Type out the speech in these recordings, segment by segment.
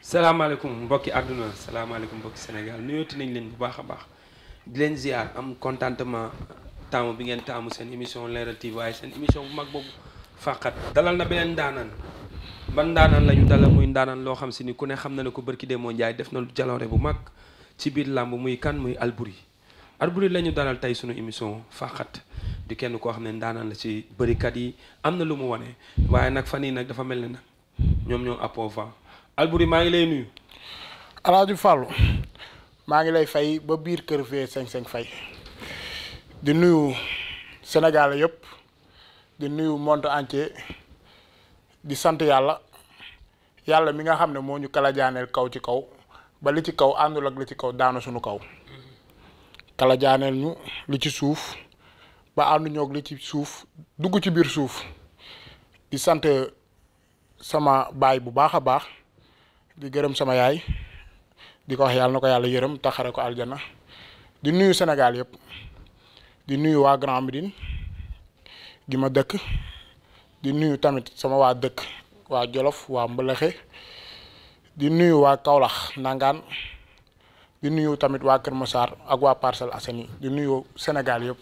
salaamaaleykum mbokki àdduna salaamaaleykum mbokki Sénégal nuyooti nañ leen bu baax a baax di leen ziar am contentement taamu bi ngeen taamu seen émission Leral TV waaye seen émission bu mag boobu faqat dalal na beneen ndaanaan ban ndaanaan la ñu dalal muy ndaanaan loo xam si ni ku ne xam na ne ko bërki dee moo njaay def na jaloore bu mag ci biir làmb muy kan muy Alboury Alboury la ñu dalal tey suñu émission faqat di kenn koo xam ne ndaanaan la ci bërikat yi am na lu mu wane waaye nag fan yii nag dafa mel ne ñoom ñoom ñoo appoo fa Alboury maa ngi lay nuyu Alaaji Fàllu maa ngi lay fay ba biir kër fee cinq cinq fay di nuyu Sénégal yëpp di nuyu monde entier di sant yàlla yàlla mi nga xam ne moo ñu kalajaaneel kaw ci kaw ba li ci kaw àndul ak li ci kaw daanu sunu kaw kalajaaneel ñu li ci suuf ba ànduñoo ak li ci suuf dugg ci biir suuf di sant sama baay bu baax a baax di gërëm sama yaay di ko wax yàlla na ko yàlla yërëm taxare ko aljana di nuyu senegal yëpp di nuyu waa Grand Médine di ma dëkk di nuyu tamit sama waa dëkk waa Jolof waa Mbalaxe di nuyu waa Kaolack nangaan di nuyu tamit waa Kër Massar ak waa Parcelles Assainies di nuyu Sénégal yépp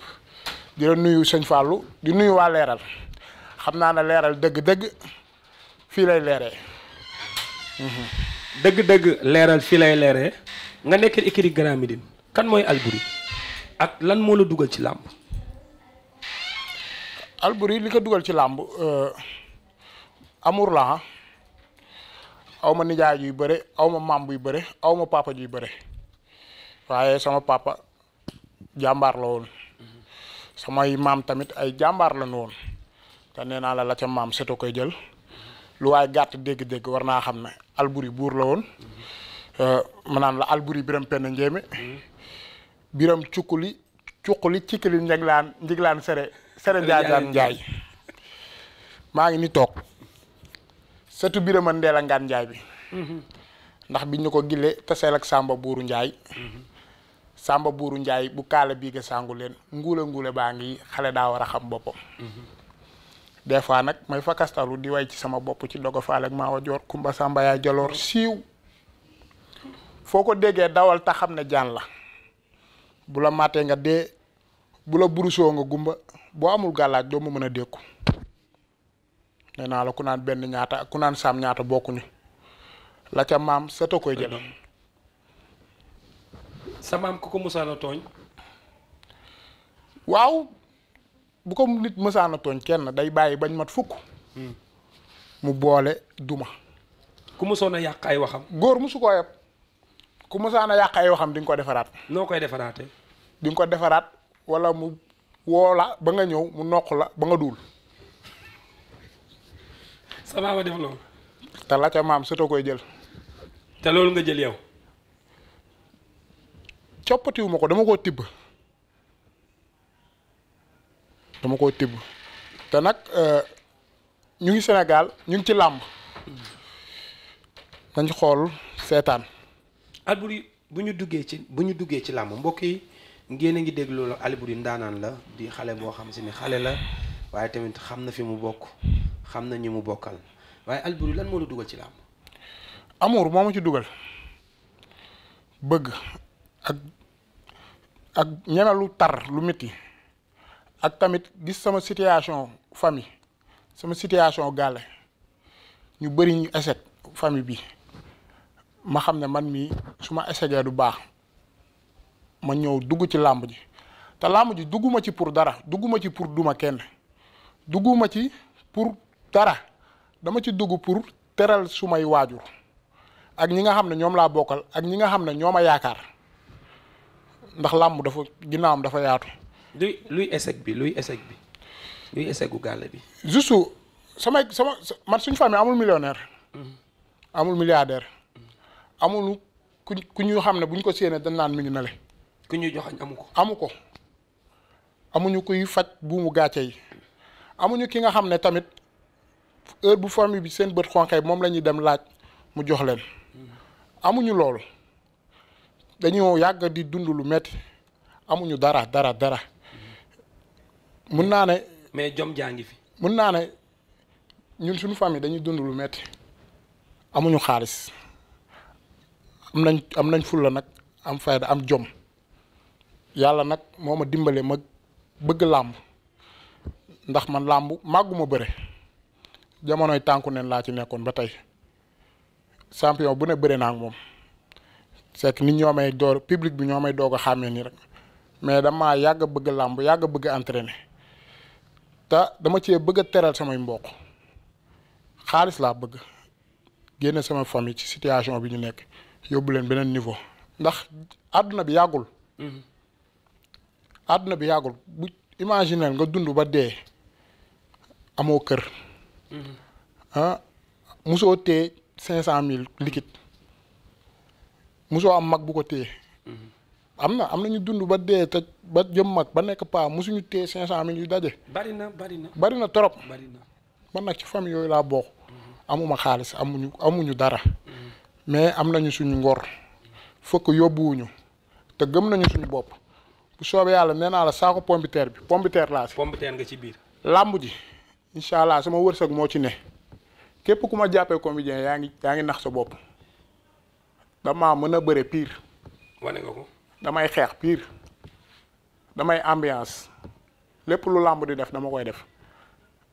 di nuyu sëñ Fallou di nuyu waa leeral xam naa ne leeral dëgg-dëgg fii lay leeree. Mhm. dëgg-dëgg leeral fii lay leere nga nekk écurie Grand Médine kan mooy Alboury ak lan moo la dugal ci làmb Alboury li ko dugal ci làmb euh, amur la ah. aw ma nijaay juy bëre aw ma maam buy bëre aw ma papa juy bëre waaye sama papa jàmbaar la woon samay maam tamit ay jàmbaar la woon te nee naa la la ca maam seto koy jël lu waaye gàtt dégg-dégg war naa xam ne Alboury buur la woon euh, ma naan la Alboury biram penn njéeme mm-hmm. biram cukkuli cuquli cikili njeglaan njiglaan sere sere njaajaan njaay maa ngi ni toog setu birama ndeela ngaan njaay bi ndax bi ñu ko gile taseel ak sàmba buuru njaay sàmba buuru njaay bu kaala bii ga sàngu leen nguule nguule baa ngi xale daa war a xam boppam des fois nag may fakastalu di way ci sama bopp ci dogo faal ak maawa joor kumba sàmba yaa jaloor siiw foo ko déggee dawal ta xam ne jaan la bu la màttee nga dee bu la burusoo nga gumba boo amul gàllaaj doo ma mën a dékku nee naa la ku naan benn ñaata ku naan saam ñaata bokkuñu la ca maam seta koy jël sa maam ku ko musaana tooñ waaw bu ko nit mësaana tooñ kenn day bàyyi bañ mat fukk hmm. mu boole duma ku mësoon a yàq ay waxam góor musu koo yeb ku mësaan a yàq ay waxam di nga ko defaraat noo koy defaraate di nga ko defaraat wala mu woo la ba nga ñëw mu noq la ba nga duul. sa def loolu. te la ca maam sota koy jël. te loolu nga jël yow. coppatiwu ko dama koo tibb. dama koo tibb te nag euh, ñu ngi senegal ñu ngi ci làmb nañ xool seetaan. at bu ñu duggee ci bu ñu duggee ci làmb mbokk yi. ngeen a ngi dégg loolu Aliboury ndaanaan la di xale boo xam si ni xale la waaye tamit xam na fi mu bokk xam na ñi mu bokkal waaye Aliboury lan moo la dugal ci làmb amour moo ma ci dugal bëgg ak ak ñeme lu tar lu metti ak tamit gis sama situation famille sama situation gàlle ñu bëri ñu échec famille bi ma xam ne man mii su ma échecgee du baax ma ñëw dugg ci làmb ji te làmb ji dugguma ci pour dara dugguma ci pour duma kenn dugguma ci pour dara dama ci dugg pour teral sumay waajur ak ñi nga xam ne ñoom laa bokkal ak ñi nga xam ne ñoom a yaakaar ndax làmb dafa ginnaawam dafa yaatu. luy luy échec bi luy bi luy échec gu gàll bi. juste samay sama man suñu famille amul millionaire mm-hmm. amul milliardaire. amul ku ku ñu xam ne bu ñu ko séenee da naan mi ngi nale ku ñuy joxañ amu ko. amu ko amuñu kuy faj buumu gàcce yi amuñu ki nga xam ne tamit heure bu famille bi seen bët xonqee moom lañuy dem laaj mu jox leen amuñu loolu dañoo yàgg di dund lu metti amuñu dara dara dara mun naa ne. mais jom jaa ngi fi. mun naa ne ñun suñu famille dañuy dund lu metti amuñu xaalis am nañ am nañ fulla nag am fayda am jom. yàlla nag moo ma dimbale ma bëgg làmb ndax man làmb màgguma bëre jamonoy tànku neen laa ci nekkoon ba tey champion bu ne bëre naa moom c'est que nit ñoo door public bi ñoo may doog a xàmmee nii rek mais damaa yàgg bëgg làmb yàgg bëgg entraîner te dama cee bëgg a teral samay mbokk xaalis laa bëgg génne sama famille ci situation bi ñu nekk yóbbu leen beneen niveau ndax àdduna bi yàggul. Mhm. àdduna bi yàggul bu imaginer nga dund ba dee amoo kër mm-hmm. ah musoo téye cinq cent mille liquide musoo am mag bu ko téye mm-hmm. am na am na ñu dund ba dee te ba jëm mag ba nekk paa musuñu tee cinq cent mille yu daje. bari na bari bari na trop. bari na man nag ci famille yooyu laa bokk. Mm-hmm. amuma xaalis amuñu amuñu dara. mais am nañu suñu ngor. fokk yóbbuwuñu te gëm nañu suñu bopp. bu soobee yàlla nee naa la saako pombiteer bi pombiteer laa si. pombiteer nga ci biir. làmb ji incha allah sama wërsëg moo ci ne képp ku ma jàppee comédien yaa ngi yaa ngi nax sa bopp damaa mën a bëre piir wane damay xeex piir damay ambiance lépp lu làmb di def dama koy def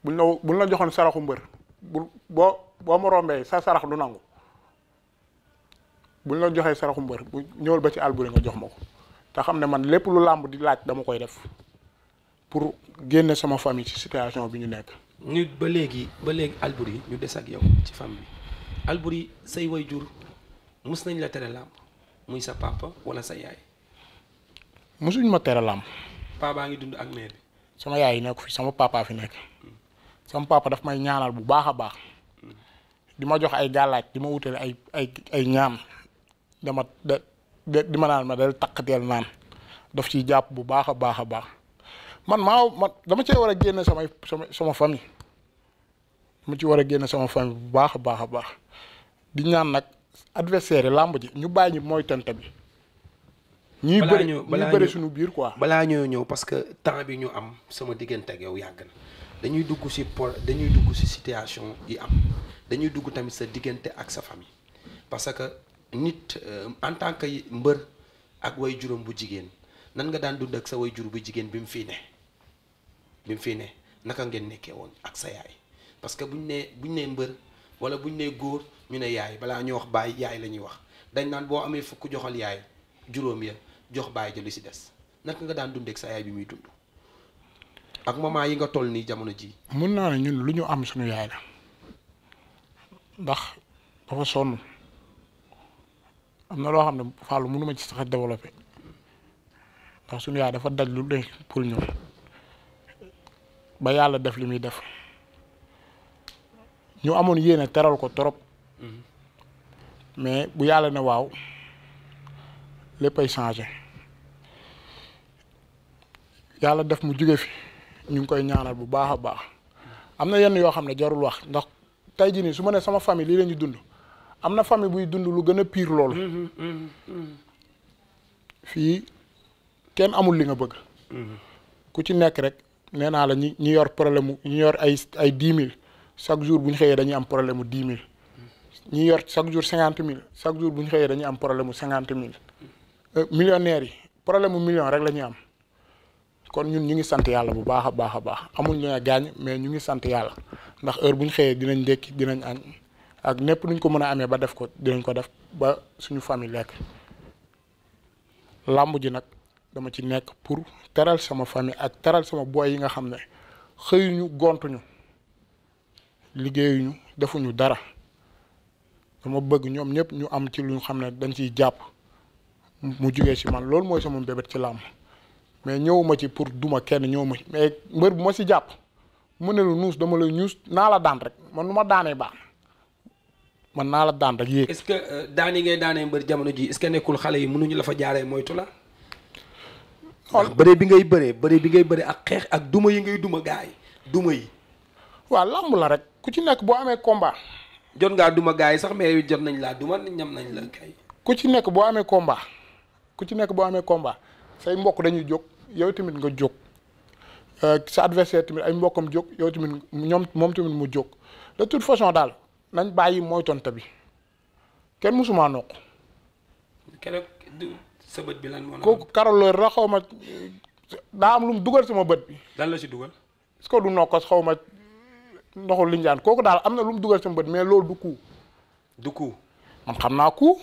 bu la bu la joxoon saraxu mbër bu boo boo ma rombee sa sarax du nangu buñ la joxee saraxu mbër bu ñëwal ba ci àll bu nga jox ma ko. te xam ne man lépp lu làmb di laaj dama koy def pour génne sama famille ci situation bi ñu nekk. ñu ba léegi ba léegi Alboury ñu des ak yow ci famille bi Alboury way jur mus nañ la tere làmb muy sa papa wala sa musuñ ma tere làmb. papa ngi dund ak mère bi. sama yaay yi nekk fi sama papa fi nekk sama papa daf may ñaanal bu baax a baax di ma jox ay gàllaaj di ma wutale ay ay ay ñaan dama da di ma naan ma del takkateel naan daf ciy jàpp bu baax a baax a baax man maa man dama cee war a génn samay sama sama famille dama ci war a génn sama famille bu baax a baax a baax di naan nag adversaire yi làmb ji ñu bàyyi ñu mooy tente bi. ñuy bëri ñuy bëri suñu biir quoi. balaa ñoo ñëw parce que temps bi ñu am sama diggante ak yow yàgg na dañuy dugg si por dañuy dugg si situation yi am dañuy dugg tamit sa diggante ak sa famille parce que. nit euh, en tant que mbër ak way juróom bu jigéen nan nga daan dund ak sa way jur bu jigéen bi mu fii ne bi mu fii ne naka ngeen nekkee woon ak sa yaay parce que buñ nee buñ nee mbër wala buñ ne góor ñu ne yaay balaa ñu wax baay yaay la ñuy wax dañ naan boo amee fukk joxal yaay juróom ya jox baay ja lu si des naka nga daan dund ak sa yaay bi muy dund ak moment yi nga toll nii jamono ji mun naa ne lu ñu am suñu yaay la ndax dafa sonn. am na loo xam ne Fallou mënu ma ci sax développé ndax suñu yaay dafa daj lu dee pour ñëw ba yàlla def li muy def ñu amoon yéene teral ko trop mais bu yàlla ne waaw léppay changé yàlla def mu juge fi ñu ngi koy ñaanal bu baax a baax am na yenn yoo xam ne jarul wax ndax tey jii nii su ma ne sama famille lii la ñu dund am na famille buy dund lu gën a piir loolu. Mm-hmm, mm-hmm, mm-hmm. fii kenn amul li nga bëgg. ku ci nekk rek nee naa la ñi ñi yor problème mu ñi yor ay ay dix mille chaque jour bu ñu xëyee dañuy am problème mu dix mille. ñi yor chaque jour cinquante mille chaque jour bu ñu xëyee dañuy am problème mu cinquante mille. Euh, millionnaires yi problème mu million rek lañuy am. kon ñun ñu ngi sant yàlla bu baax a baax a baax amuñ lu ne gaañ mais ñu ngi sant yàlla ndax heure bu ñu xëyee dinañ ndékki dinañ añ. ak népp nuñ ko mën a amee ba def ko dinañ ko def ba suñu famille lekk làmb ji nag dama ci nekk pour teral sama famille ak teral sama boy yi nga xam ne xëyuñu gontuñu liggéeyuñu defuñu dara dama bëgg ñoom ñëpp ñu am ci lu xam ne dañ ciy jàpp mu jugee ci man loolu mooy sama mbébét ci làmb mais ñëwuma ci pour duma kenn ñëwuma ci mais mbër bu ma ci jàpp mu ne lu nuus dama la ñuus naa la daan rek man nu ma daanee baax man naa la daan rek yéeg. est-ce que euh, daan yi ngay daanee mbër jamono ji est-ce que nekkul xale yi mënuñu la fa jaaree moytu la. xool bëree bi ngay bëree bëree bi ngay bëree ak xeex ak duma yi ngay duma gaay duma yi. waaw làmb la rek ku ci nekk boo amee combat. jot ngaa duma gaay yi sax mais jot nañ laa duma ñam nañ la kay. ku ci nekk boo amee komba ku ci nekk boo amee komba say mbokk dañuy jóg yow tamit nga jóg euh, sa adversaire tamit ay mbokkam jóg yow tamit ñoom moom tamit mu jóg de daal nañ bàyyi mooy tonta bi kenn musumaa noq. keroog sa bët bi lan moo xaw ma daa am lu mu dugal sama bët bi. lan la si dugal. est-ce que du nokkos xaw ma ndoxu liñ daan kooku daal am na lu mu dugal sama bët mais loolu du ku. du ku man xam naa ku.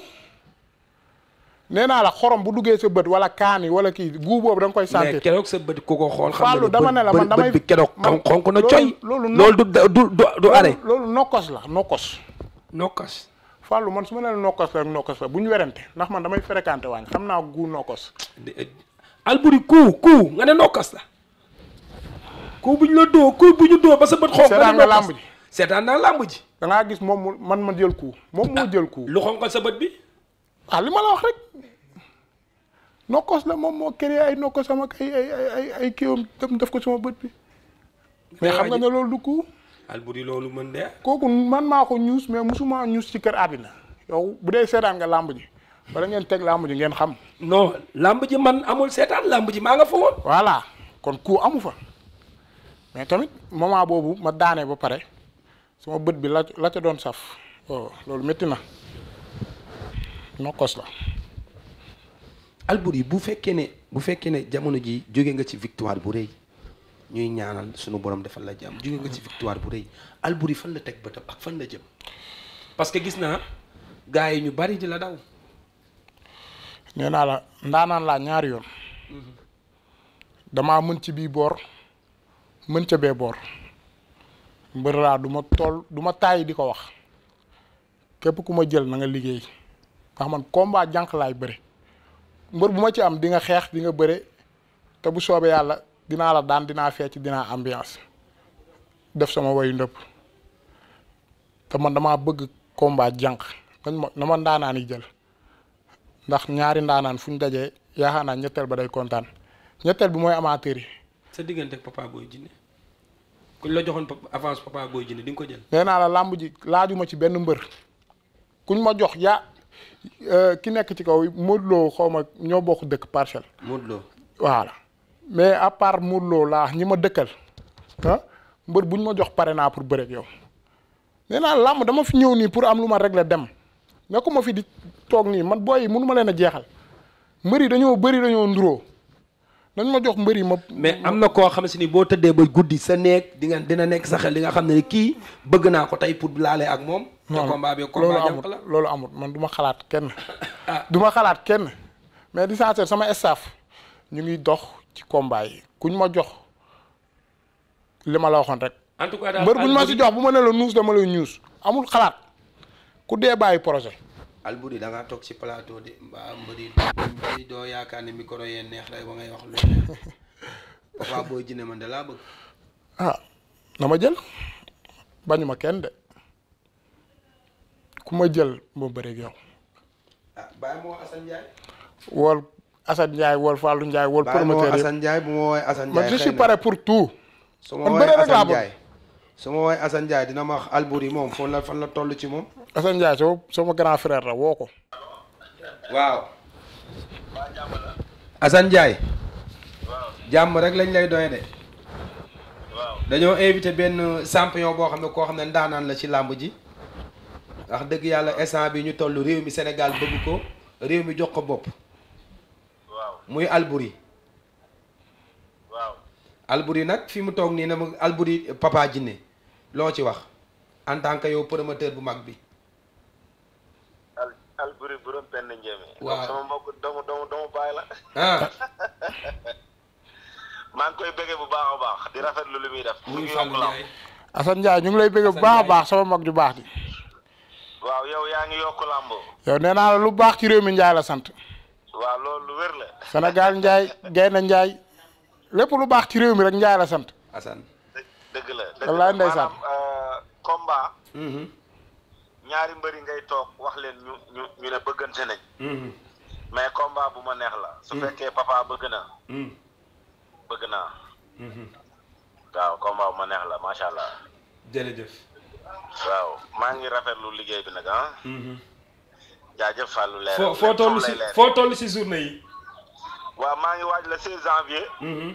nee naa la xorom bu duggee sa bët wala kaani wala kii guu boobu da koy sentir mais keroog sa bët ku ko xool fàllu dama ne la man damay bët bi keroog xonk na coy loolu du du du loolu nokkos la nokkos nokkos fàllu man su ma nee nokkos la bu ñu werante ndax man damay fréquenté waañ xam naa guu nokkos eh, alburi kuu kuu nga ne nokkos la kuu bu ñu la dóo kuu bu ñu dóo ba sa bët xonk nga ne seetaan naa làmb ji dangaa gis moom man ma jël kuu moom moo ah, jël kuu lu xonk sa bët bi ah li ma la wax rek nokkos la moom moo créé ay nokkos sama ay ay ay ay def ko sama bët bi. mais xam nga ne loolu du ko. Alboury loolu mën de. kooku man maa ko ñuus mais musuma ñuus ci kër àddina yow bu dee seetaan nga làmb ji wala ngeen teg làmb ji ngeen xam. no làmb ji man amul seetaan làmb ji maa nga fa woon. voilà kon ku amu fa mais tamit moment boobu ma daanee ba pare suma bët bi la la doon saf oh, loolu metti na. nokkos la yi bu fekkee ne bu fekkee ne jamono ji jóge nga ci victoire bu rëy ñuy ñaanal sunu borom defal la jaam jóge nga ci victoire bu rëy Alboury fan la teg bëtam ak fan la jëm parce que gis naa gars yi ñu bari di la daw nee naa la ndaanaan laa ñaari yoon mhm. damaa mën ci bii boor mën ca bee boor mbër laa ma tool du ma di ko wax képp ku ma jël nanga liggéey ndax man combat jànq laay bëri mbër bu ma ci am dinga xeex di nga bëre te bu soobee yàlla dinaa la daan dinaa fecc dinaa ambiance def sama wayu ndëpp te man damaa bëgg combat jànq nañ ma na ma ndaanaan jël ndax ñaari ndaanaan fu ñu dajee yaakaar naa ñetteel ba day kontaan ñetteel bi mooy amateur yi. sa diggante ak booy jinne ku la joxoon avance papa booy jinne di nga ko jël. nee naa la laajuma ci benn mbër kuñ ma jox yaa Euh, ki nekk ci kaw Modou Lo xaw ma ñoo bokk dëkk parcelle. Modou Lo mais à part Modou Lo laa ñi ma dëkkal ah mbër bu ñu ma jox pare naa pour bëreeg yow nee naa làmb dama fi ñëw nii pour am lu ma régler dem nekkuma fi di toog nii man booy yi ma leen a jeexal mbër yi dañoo bëri dañoo nduroo dañ ma jox mbër yi ma. mais am na koo xam si ni boo tëddee ba guddi sa néeg di dina nekk sa xel li nga xam ne kii bëgg naa ko tey pour laalee ak moom. te combat bi combat jànq la loolu amut man du ma xalaat kenn. Ah. du ma xalaat kenn mais di sincère sama staff ñu ngi dox ci combat yi kuñ ma jox li ma la waxoon rek. en tout cas daal mbër ma si jox bu ma ne la nuus dama lay ñuus amul xalaat ku dee bàyyi projet. Alboury da ngaa toog ci palaato de mbaa mbëri mbëri doo yaakaar ne micro yee neex rek ba ngay wax lu Papa Boy man da laa ah, ma jël bañu kenn de. ku ma jël moo bëreeg yow. ah Baye moo Assane Ndiaye. wool Assane Ndiaye wool Fallou yi Assane bu ma woowee Assane Ndiaye. pour tout. su ma woowee Assane Ndiaye dina ma wax Albouri moom foofu la tollu ci moom. Assane Ndiaye sama sama grand frère la woo ko. waaw. Assane Ndiaye. jàmm rek lañ lay doy de. dañoo invité benn champion boo xam ne koo xam ne ndaanaan la ci làmb ji. wax dëgg yàlla instant bi ñu toll réew mi Sénégal bëgg ko réew mi jox ko bopp. muy Alburi. waaw Alburi nag fi mu toog nii na mu Alburi Papa Djiné loo ci wax en tant que yow promoteur bu mag bi. Alburi borom benn njéeme. waaw sama mbokk doomu doomu baay la. Ah. maa ngi koy bëggee bu baax baax di rafet lu li muy def. muy Fallou Ndiaye Assane Ndiaye ñu ngi lay bëggee bu baax a baax sama mag ju baax di waaw yow yaa ngi yokk làmb yow nee naa lu baax ci réew mi Njaay la sant. waaw loolu lu wér la. Sénégal Njaay Gaynde Njaay lépp lu baax ci réew mi rek Njaay la sant. Assane dëgg la dëgg la wallaay ndeysaan euh, combat. Mhm. ñaari mbëri ngay toog wax leen ñu ñu ñu ne bëggante nañ. Mhm. mais combat bu ma neex la. su mhm. fekkee papa bëgg na. bëgg naa. waaw combat bu ma neex la macha allah. jërëjëf. waaw maa ngi rafetlu liggéey bi nag ah. Mhm. jaajëf Fallou leer foo foo toll si foo journée yi. waaw maa ngi waaj la 16 janvier. Mhm.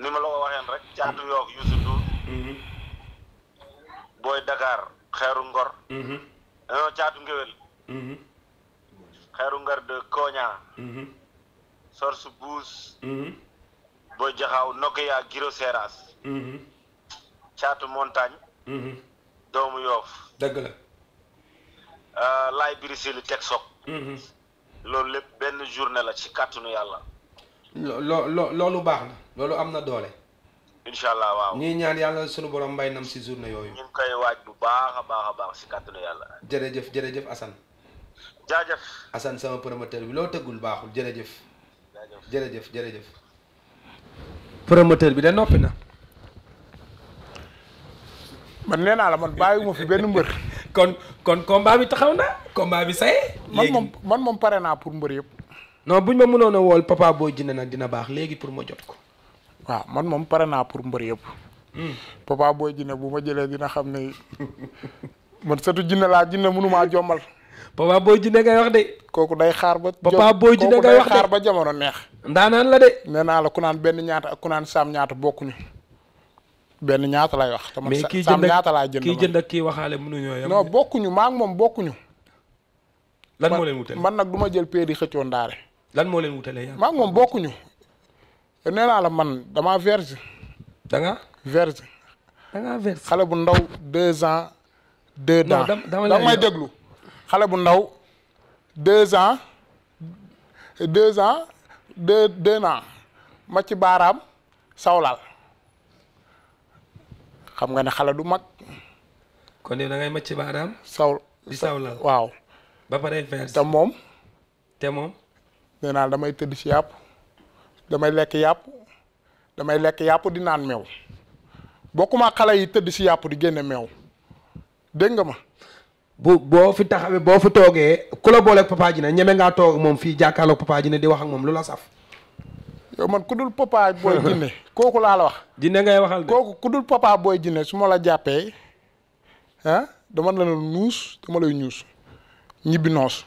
ni ma la ko waxeen rek caatu yoof Youssou Ndour. Mhm. booy Dakar xeeru ngor. non caatu ngéwél. xeeru ngor de Koña. Sorsu Buus. booy jaxaaw Nokia Giro Seras. caatu montagne. doomu yoof dëgg la euh, laay birisi li teg soog mhm. loolu lépp benn journée la si kàttanu yàlla loo loo loolu baax na loolu am na doole incha allah waaw ñuy ñaan yàlla sunu borom mbay nam si journée yooyu ñu koy waaj bu baax a baax a baax si kàttanu yàlla jërëjëf jërëjëf Assane jaajëf Assane sama promoteur bi loo tëggul baaxul jërëjëf jërëjëf jërëjëf promoteur bi de noppi na man nee naa la man bàyyiwuma fi benn mbër. kon kon combat bi taxaw na combat bi say. man moom man moom pare naa pour mbër yëpp. non buñ ma mënoon a wool papa boo jinne nag dina baax léegi pour ma jot ko. waaw man moom pare naa pour mbër yëpp. Hmm. papa booy jinne bu ma jëlee dina xam ne man satu jinne laa jinne mënumaa jombal papa boo jinne ngay wax de. kooku day xaar ba. papa boo jinne ngay wax de kooku day xaar ba jamono neex. ndaanaan la de. nee naa la ku naan benn ñaata ak ku saam ñaata bokkuñu. benn ñaata lay wax. te man Sam ñaata laa jënd mais kii jënd ak kii waxaale mënuñoo yem. non bokkuñu maa moom bokkuñu. lan moo leen wutale man nag du ma jël pee di xëccoo ndaare. lan moo leen wutale maa ngi moom bokkuñu. nee naa la man dama verge. da verge. da xale bu ndaw deux ans. deux ans dama may déglu. xale bu ndaw deux ans deux ans deux baaraam sawlaal. xam nga ne xale du mag. kon yow da ngay màcc baaraam. saw di sawlal waaw. ba pare verse moom. te moom. nee damay tëdd si yàpp damay lekk yàpp damay lekk yàpp di naan meew bokkuma xale yi tëdd si yàpp di génne meew dégg nga ma. bu boo fi taxawee boo fi toogee ku la booleeg Papa Djiné ñeme ngaa toog moom fii jàkkaarloog Papa ne di wax ak moom lu la saf. yow man ku dul papa booy jinne kooku laa la wax. jinne ngay waxal de kooku ku dul papa booy jinne su ma la jàppee ah dama la nuus dama lay ñuus ñibbi noos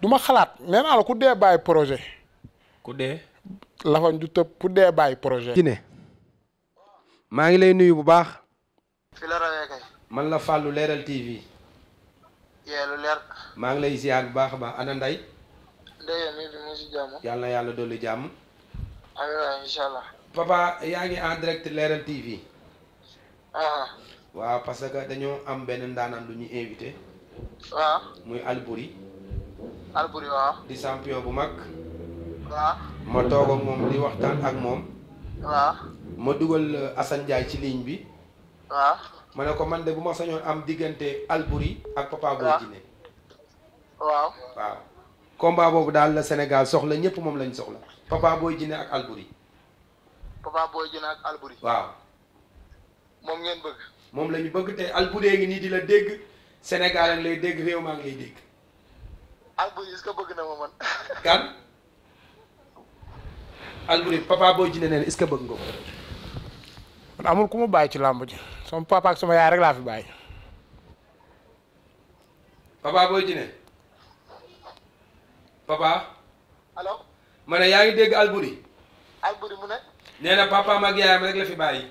du xalaat nee la ku dee bàyyi projet. ku dee. lafañ du tëb ku dee bàyyi projet. jinne maa ngi lay nuyu bu baax. fi la rawee man la Fallou leeral TV. yee lu leer. maa ngi lay ziar bu baax a baax ana Ndeye. yàlla na yàlla dolli jàmm. amiin incha allah. papa yaa ngi en direct Leral TV. Ah. waaw parce que dañoo am benn ndaanaan lu ñuy invité. waaw muy Alboury. Alboury waaw. di champion bu mag. waaw. ma toog ak moom di waxtaan ak moom. waaw. ma dugal uh, Assane Ndiaye ci ligne bi. waaw. ma ne ko man de bu ma sañoon am diggante Alboury ak Papa Boy waaw waaw. combat boobu daal la Sénégal soxla ñëpp moom lañ soxla Papa booy Djiné ak Alboury. Papa booy Djiné ak Alboury. waaw. moom ngeen bëgg. moom la ñu bëgg te Alboury ngi nii di la dégg Sénégal a dégg réew maa ngi lay dégg. Alboury est-ce que bëgg na ma man. kan. Alboury ko. man amul ku ma bàyyi ci làmb ji sama papa ak sama yaay rek laa fi bàyyi. Papa Boy Djiné. papa. allo. ma ne yaa ngi dégg Alboury. Alboury mu ne. nee na papaam ak yaayam rek la fi bàyyi.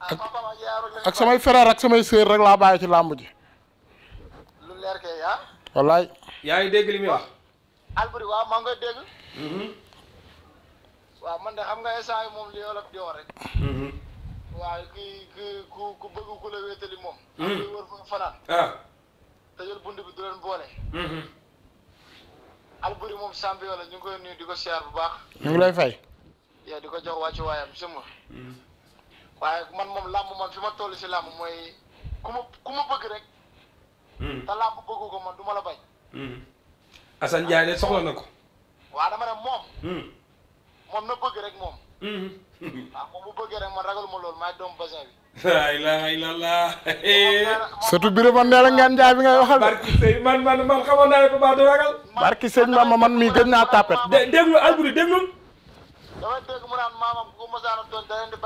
Ah, ak ak samay frère ak samay sœur rek laa bàyyi ci làmb ji. lu leer kay yaa. Ah. wallaay. yaa ngi dégg li muy wax. Alboury waaw maa ngi koy dégg. Mm-hmm. waaw man de xam nga instant moom li yorof di wax rek. Mm-hmm. waaw kii kii ku ku bëgg ku la wéetali moom. am mm-hmm. na wër ah. bi du leen boole. Alboury moom champion la ñu ngi koy nuyu di ko siyaar bu baax. ñu ngi lay fay. yaa di ko jox wàccu waayam sëma waaye man moom làmb man fi ma toll si làmb mooy ku ma ku ma bëgg rek. Hmm. te làmb bëggu ko man du ma la bañ. Hmm. Assane Ndiaye de soxla na ko. waaw dama ne moom. Hmm. moom na bëgg rek moom. waaw moom bu bëggee rek man ragaluma loolu maay doom basin bi. laa ilaaha illallah. surtout biir man nee la ngeen jaay bi ngay waxal. barki sëñ man man man xamoon naa ma man mii gëj naa tapet. dé déglu Alboury déglu. dama dégg mu naan maamam ku mosaan a doon da leen di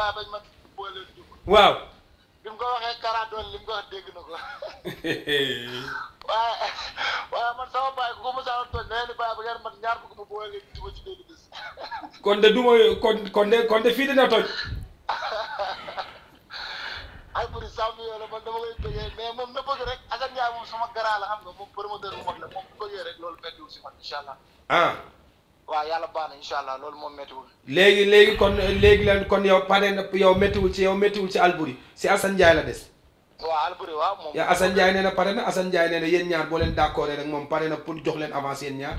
waaw. bi ko waxee kara doon li ko wax dégg na ko. waaye ko man sama a doon da de du de kon de fii dina toj. ay bëri sàmm yoo la man dama koy bëggee mais moom na bëgg rek Assane Ndiaye moom sama garaa la xam nga moom promoteur bu mag la moom bu bëggee rek loolu méttiwul si man incha allah. ah. waaw yàlla baax na incha allah loolu moom méttiwul. léegi léegi kon léegi leen kon yow pare na yow méttiwul ci yow méttiwul ci Alboury si Assane Ndiaye la des. waaw Alboury waaw moom. yaa Assane Ndiaye nee na pare na Assane Ndiaye nee na yéen ñaar boo leen d'accord rek moom pare na pour jox leen avance yéen ñaar.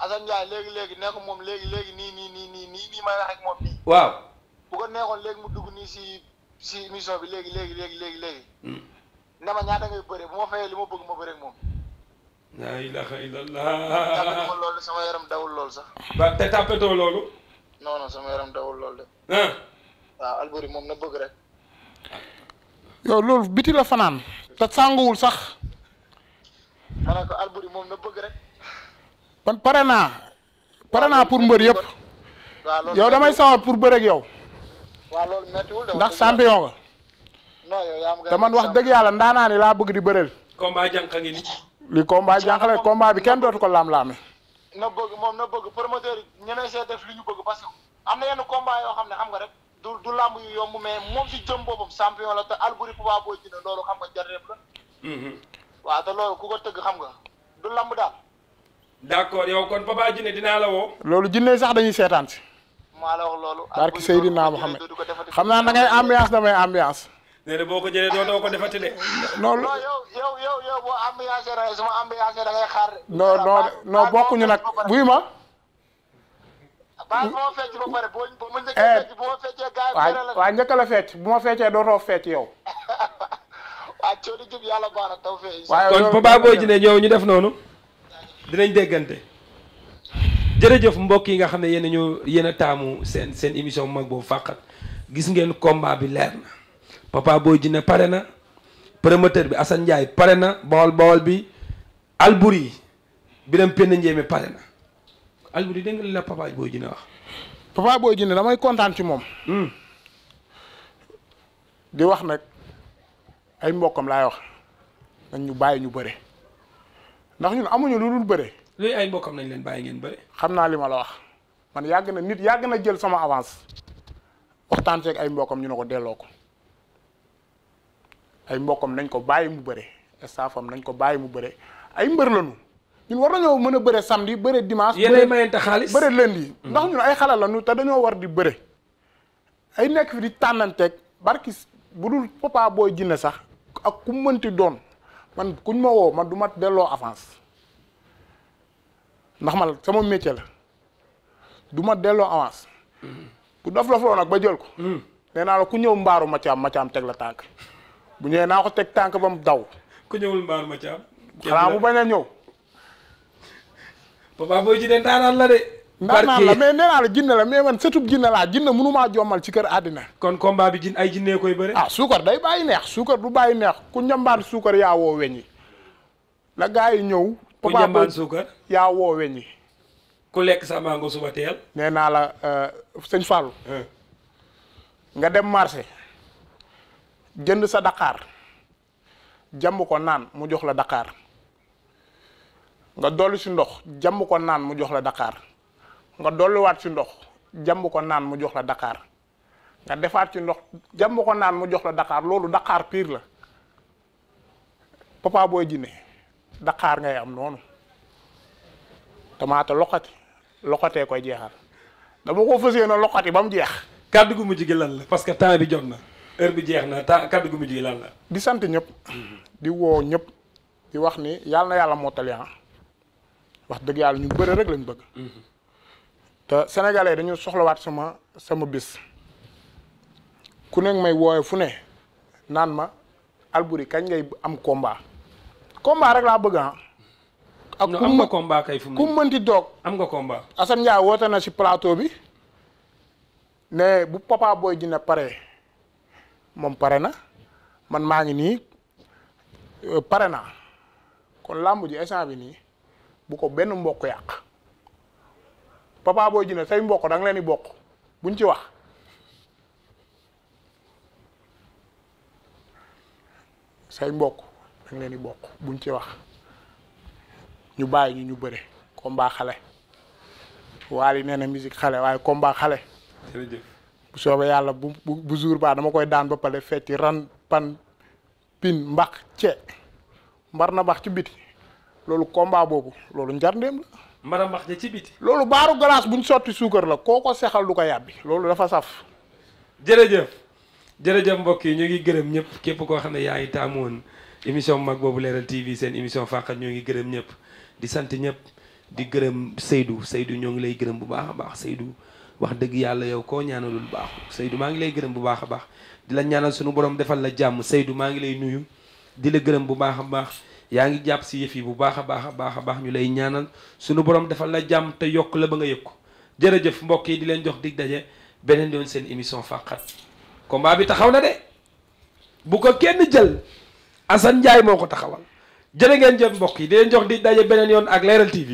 Assane Ndiaye léegi léegi ne ko moom léegi léegi nii nii nii nii nii nii may wax ak moom nii. waaw. bu ko neexoon léegi mu dugg nii si si émission bi léegi léegi léegi léegi léegi. Hmm. ne ma ñaata ngay bëre bu ma li ma bëgg ma bëre ak moom. la ilaha illallah. sama yaram dawul lool sax. ba te tàppatoo loolu. non sama yaram dawul loolu de. ah. waaw Alboury moom na bëgg rek. yow loolu biti la fanaan. te sànguwul sax. ma ne ko Alboury moom na bëgg rek. pare naa. pare naa pour mbër yëpp. yow damay sawar pour bëre yow. waaw loolu méttiwul ndax champion nga. non yow nga man wax dëgg yàlla ndaanaa ni laa bëgg di bëreel. combat jànq ngi ni li combat jànq la bi kenn dootu ko lam laame na bëgg moom na bëgg promoteur yi ñeneen see def li ñu bëgg parce que am na yenn yoo xam ne xam nga rek du du làmb yomb mais moom si jëm boppam champion la te Albouri Papa Boy Djiné loolu xam nga jar la. Mhm. loolu ku ko tëgg xam nga du làmb daal. d' accord yow kon Papa Djiné dinaa la woo. loolu Djiné sax dañuy seetaan si. maa la wax loolu. barki Seydina Mohamed xam naa da ngay ambiance damay ambiance. nee na boo ko jëlee ko defati de. non non yow yow yow yow boo ambiance rek su ma ambiance da ngay xaar. non non non bokkuñu nag buy ma. baal moo fecc boo boo mën a fecc boo feccee gars yi bu ma feccee dootoo fecc yow. waaw coono jub yàlla baax na taw fee. waaye kon Papa Boy Djiné ñëw ñu def noonu dinañ déggante. jërëjëf mbokk yi nga xam ne yéen a ñu yéen a taamu seen seen émission mag boobu fàqat gis ngeen combat bi leer na Papa Boy Djiné pare na promoteur bi Assane Ndiaye pare na Bawol Bawol bi Albouri Birame Penda Ndiémé pare na Albouri dégg nga li la Papa Boy Djiné wax. Papa Boy Djiné damay kontaan ci moom. Hmm. di wax nag ay mbokkam laay wax nañ ñu bàyyi ñu bëre ndax ñun amuñu lu dul bëre. léegi ay mbokkam nañ leen bàyyi ngeen bëri. xam naa li ma la wax man yàgg na nit yàgg na jël sama avance waxtaan seeg ay mbokkam ñu ne ko delloo ko ay mbokkam nañ ko bàyyi mu bëre staffam nañ ko bàyyi mu bëre ay mbër lañu ñun war nañoo mën a bëre samedi bëre dimanche. yéen ay mayante xaalis bëre lundi. Mm. ndax ñun ay xale lañu te dañoo war di bëre ay nekk fi di tànnanteeg barki bu dul Papa Boy Djiné sax ak ku mënti doon man kuñ ma woo man du delloo avance. ndax man sama métier la du ma delloo avance bu dof la foo nag ba jël ko hmm. nee naa la ku ñëw mbaaru macaam macaam teg la tànk bu ñëwee naa ko teg tànk ba mu daw ku ñëwul mbaaru macaam xanaa mu bañ a ñëw papa booy ji de ndaanaan la de ndaanaan la mais nee naa la jinne la mais man sëtub jinne laa jinne maa jommal ci kër àddina kon combat bi jin ay jinne koy bari ah suukar day bàyyi neex suukar du bàyyi neex ku njambaar suukar yaa woo weñ yi ñëw ku jàmbaan suukar yaa ku lekk sa mango suba teel nee naa la euh, sëñ Fallou nga dem marché jënd sa daqaar jàmb ko naan mu jox la daqaar nga dolli si ndox jàmb ko naan mu jox la daqaar nga dolliwaat si ndox jàmb ko naan mu jox la daqaar nga defaat ci ndox jàmb ko naan mu jox la Dakar loolu daqaar piir la Papa booy Djiné daqaar ngay am noonu tamaate loqati loqatee koy jeexal dama ko fas yéene loqati ba mu jeex. kàddu gu mujj gi lan la parce que temps bi jot na heure bi jeex na temps kàddu gu mujj gi lan la. di sant ñëpp. di woo ñëpp di wax ni yàlla na yàlla mottali ah. wax dëgg yàlla ñu bëre rek lañ bëgg. te sénégalais dañu soxlawaat sama sama bis. ku nekk may woowe fu ne naan ma Alboury kañ ngay am komba combat rek laa bëgg ah. ak ku am nga combat kay doog. am nga combat. woote na ci plateau bi ne bu Papa Boy Djiné pare moom pare na man maa ngi nii euh, pare na kon làmb ji bi nii bu ko benn mbokk yàq Papa Boy Djiné say mbokk da nga leen bokk buñ ci wax. say mbokk. dañ leen di bokk buñ ci wax ñu bàyyi ñu ñu bëre combat xale waaye nee na xale waaye combat xale. bu soobee yàlla bu bu bu jour ba dama koy daan ba pare fecc ran pan pin mbax ce mbar na mbax ci biti loolu combat boobu loolu njarndeem la. mbar na mbax ci biti. loolu baaru glace buñ sotti suukar la koo ko sexal du ko yàbbi loolu dafa saf. jërëjëf jërëjëf mbokk yi ñu ngi gërëm ñëpp képp ko xam ne yaa taamu woon émission mag boobu leeral TV seen émission fàqat ñoo ngi gërëm ñëpp di sant ñëpp di gërëm Seydou Seydou ñoo ngi lay gërëm bu baax a baax sëydu wax dëgg yàlla yow koo ñaanalul baaxu Seydou maa ngi lay gërëm bu baax a baax di la ñaanal suñu borom defal la jàmm Seydou maa ngi lay nuyu di la gërëm bu baax a baax yaa ngi jàpp si yëf bu baax a baax a baax a baax ñu lay ñaanal suñu borom defal la jàmm te yokk la ba nga yëg ko jërëjëf mbokk yi di leen jox dig daje beneen yoon seen émission fàqat combat bi taxaw na de bu ko kenn jël Assane Ndiaye moo ko taxawal jërë ngeen jëf mbokk yi di jox di daje beneen yoon ak Leral TV.